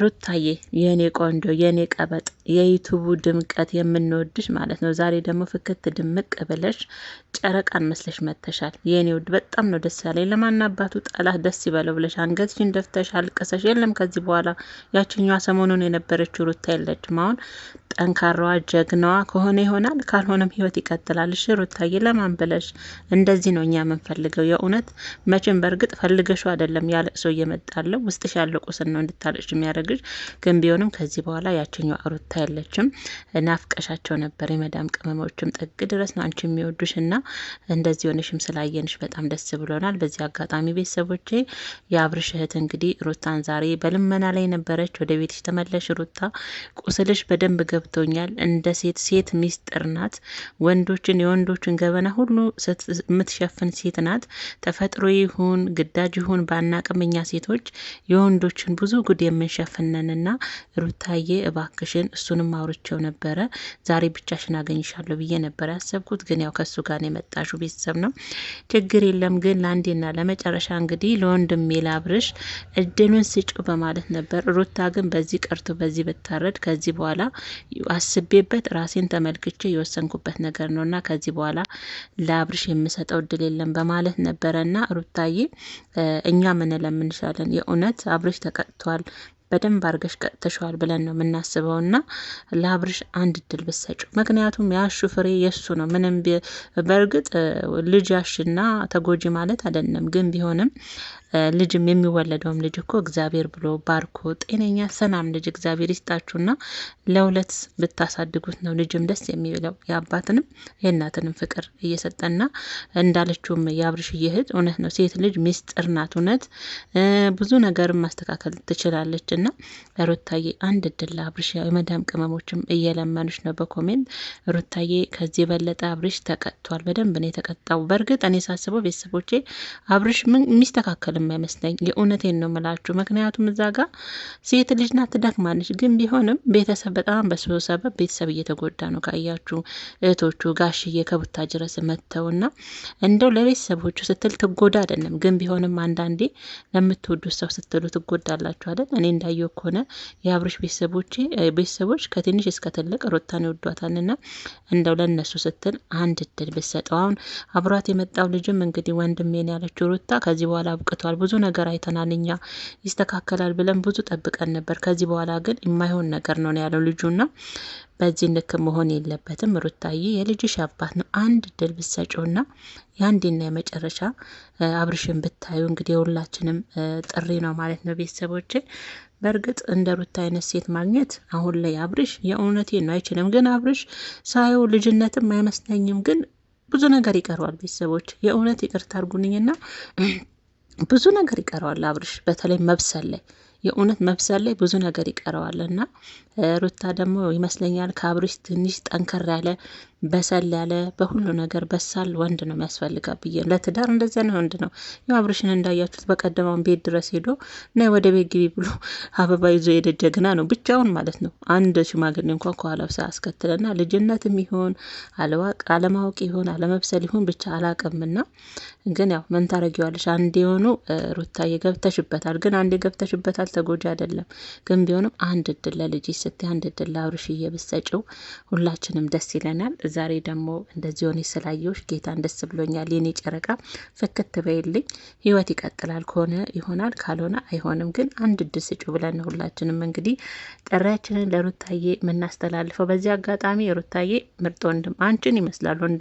ሩታዬ የኔ ቆንጆ የኔ ቀበጥ የዩቱቡ ድምቀት የምንወድሽ ማለት ነው። ዛሬ ደግሞ ፍክት ድምቅ ብለሽ ጨረቃን መስለሽ መጥተሻል። የኔ ውድ በጣም ነው ደስ ያለኝ። ለማና አባቱ ጠላት ደስ ይበለው ብለሽ አንገትሽን ደፍተሽ አልቀሰሽ። የለም። ከዚህ በኋላ ያችኛዋ ሰሞኑን የነበረችው ሩታ የለችም። አሁን ጠንካራዋ ጀግናዋ ከሆነ ይሆናል፣ ካልሆነም ህይወት ይቀጥላል። እሺ ሩታዬ ለማን ብለሽ እንደዚህ ነው እኛ የምንፈልገው። የእውነት መቼም በእርግጥ ፈልገሽው አይደለም ያለቅሰው እየመጣለው ውስጥሽ ያለ ነው እንድታለቅሽ የሚያደርግ ሳደርግሽ ግን ቢሆንም ከዚህ በኋላ ያችኛው አሩታ ያለችም ናፍቀሻቸው ነበር። የመዳም ቅመሞችም ጥግ ድረስ ነው አንቺ የሚወዱሽ እና እንደዚህ ሆነሽም ስላየንሽ በጣም ደስ ብሎናል። በዚህ አጋጣሚ ቤተሰቦቼ የአብርሽ እህት እንግዲህ ሩታን ዛሬ በልመና ላይ ነበረች። ወደ ቤትሽ ተመለሽ ሩታ፣ ቁስልሽ በደንብ ገብቶኛል። እንደ ሴት ሴት ሚስጥር ናት። ወንዶችን የወንዶችን ገበና ሁሉ የምትሸፍን ሴት ናት። ተፈጥሮ ይሁን ግዳጅ ይሁን ባናቅም እኛ ሴቶች የወንዶችን ብዙ ጉድ የምንሸፍ አፍነንና ሩታዬ እባክሽን እሱንም አውርቸው ነበረ። ዛሬ ብቻሽን አገኝሻለሁ ብዬ ነበር ያሰብኩት፣ ግን ያው ከሱ ጋር የመጣሹ ቤተሰብ ነው፣ ችግር የለም ግን ለአንዴና ለመጨረሻ እንግዲህ ለወንድሜ ላብርሽ እድሉን ስጩ በማለት ነበር። ሩታ ግን በዚህ ቀርቶ በዚህ ብታረድ ከዚህ በኋላ አስቤበት ራሴን ተመልክቼ የወሰንኩበት ነገር ነው እና ከዚህ በኋላ ለአብርሽ የምሰጠው እድል የለም በማለት ነበረ እና ሩታዬ እኛ ምን ለምንሻለን? የእውነት አብርሽ ተቀጥቷል። በደንብ አርገሽ ቀጥተሸዋል ብለን ነው የምናስበው ና ለአብርሽ አንድ እድል ብሰጩ። ምክንያቱም የአሹ ፍሬ የሱ ነው። ምንም በእርግጥ ልጅ ያሽና ተጎጂ ማለት አይደለም፣ ግን ቢሆንም ልጅም የሚወለደውም ልጅ እኮ እግዚአብሔር ብሎ ባርኮ ጤነኛ ሰናም ልጅ እግዚአብሔር ይስጣችሁና ለሁለት ብታሳድጉት ነው ልጅም ደስ የሚለው የአባትንም የእናትንም ፍቅር እየሰጠና እንዳለችውም የአብርሽ እየህድ እውነት ነው። ሴት ልጅ ሚስጥር ናት። እውነት ብዙ ነገር ማስተካከል ትችላለች። ነውና ሩታዬ አንድ እድል አብርሽ የመዳም ቅመሞችም እየለመኑች ነው በኮሜንት ሩታዬ ከዚህ የበለጠ አብርሽ ተቀጥቷል። በደንብ ነው የተቀጣው። በእርግጥ እኔ ሳስበው ቤተሰቦቼ አብርሽ ምን የሚስተካከልም አይመስለኝ። የእውነቴን ነው ምላችሁ። ምክንያቱም እዛ ጋ ሴት ልጅ ናት ትደክማለች። ግን ቢሆንም ቤተሰብ በጣም በሱ ሰበብ ቤተሰብ እየተጎዳ ነው። ካያችሁ እህቶቹ ጋሽዬ መጥተው መጥተውና እንደው ለቤተሰቦቹ ስትል ትጎዳ አይደለም። ግን ቢሆንም አንዳንዴ ለምትወዱት ሰው ስትሉ ትጎዳላችሁ አይደል? እኔ እንዳ እንዳየው ከሆነ የአብርሽ ቤተሰቦች ከትንሽ እስከ ትልቅ ሩታን ይወዷታልና እንደው ለእነሱ ስትል አንድ እድል ብሰጠው። አሁን አብሯት የመጣው ልጅም እንግዲህ ወንድሜን ያለችው ሩታ ከዚህ በኋላ አብቅቷል፣ ብዙ ነገር አይተናል፣ እኛ ይስተካከላል ብለን ብዙ ጠብቀን ነበር። ከዚህ በኋላ ግን የማይሆን ነገር ነው ያለው ልጁና በዚህ ልክ መሆን የለበትም። ሩታዬ የልጅሽ አባት ነው። አንድ ድል ብትሰጪውና የአንዴና የመጨረሻ አብርሽን ብታዩ እንግዲህ የሁላችንም ጥሪ ነው ማለት ነው ቤተሰቦች። በእርግጥ እንደ ሩታ አይነት ሴት ማግኘት አሁን ላይ አብርሽ የእውነቴ ነው አይችልም። ግን አብርሽ ሳየው ልጅነትም አይመስለኝም። ግን ብዙ ነገር ይቀረዋል ቤተሰቦች። የእውነት ይቅርታ አርጉንኝና ብዙ ነገር ይቀረዋል አብርሽ በተለይ መብሰል ላይ የእውነት መብሰል ላይ ብዙ ነገር ይቀረዋል እና ሩታ ደግሞ ይመስለኛል ከአብርሽ ትንሽ ጠንከር ያለ በሰል ያለ በሁሉ ነገር በሳል ወንድ ነው የሚያስፈልጋ ብዬ ለትዳር እንደዚያ ነው ወንድ ነው። ያው አብርሽን እንዳያችሁት በቀደማውን ቤት ድረስ ሄዶ ና ወደ ቤት ግቢ ብሎ አበባ ይዞ የሄደ ጀግና ነው፣ ብቻውን ማለት ነው። አንድ ሽማግሌ እንኳን ከኋላው ሳያስከትለና ልጅነትም ይሆን አለማወቅ ይሆን አለመብሰል ይሆን ብቻ አላቅምና፣ ግን ያው ምን ታረጊዋለሽ? አንድ የሆኑ ሩታዬ ገብተሽበታል። ግን አንድ ገብተሽበታል ተጎጂ አይደለም። ግን ቢሆንም አንድ እድል ለልጅ ስት አንድ እድል ለአብርሽዬ እየብሰጭው ሁላችንም ደስ ይለናል። ዛሬ ደግሞ እንደዚህ ሆነሽ ስላየሁሽ ጌታን ደስ ብሎኛል። የኔ ጨረቃ ፍክት በይልኝ። ህይወት ይቀጥላል። ከሆነ ይሆናል፣ ካልሆነ አይሆንም። ግን አንድ ድስ ጩ ብለን ሁላችንም እንግዲህ ጥሪያችንን ለሩታዬ የምናስተላልፈው በዚህ አጋጣሚ ሩታዬ ምርጥ ወንድም አንቺን ይመስላል ወንድም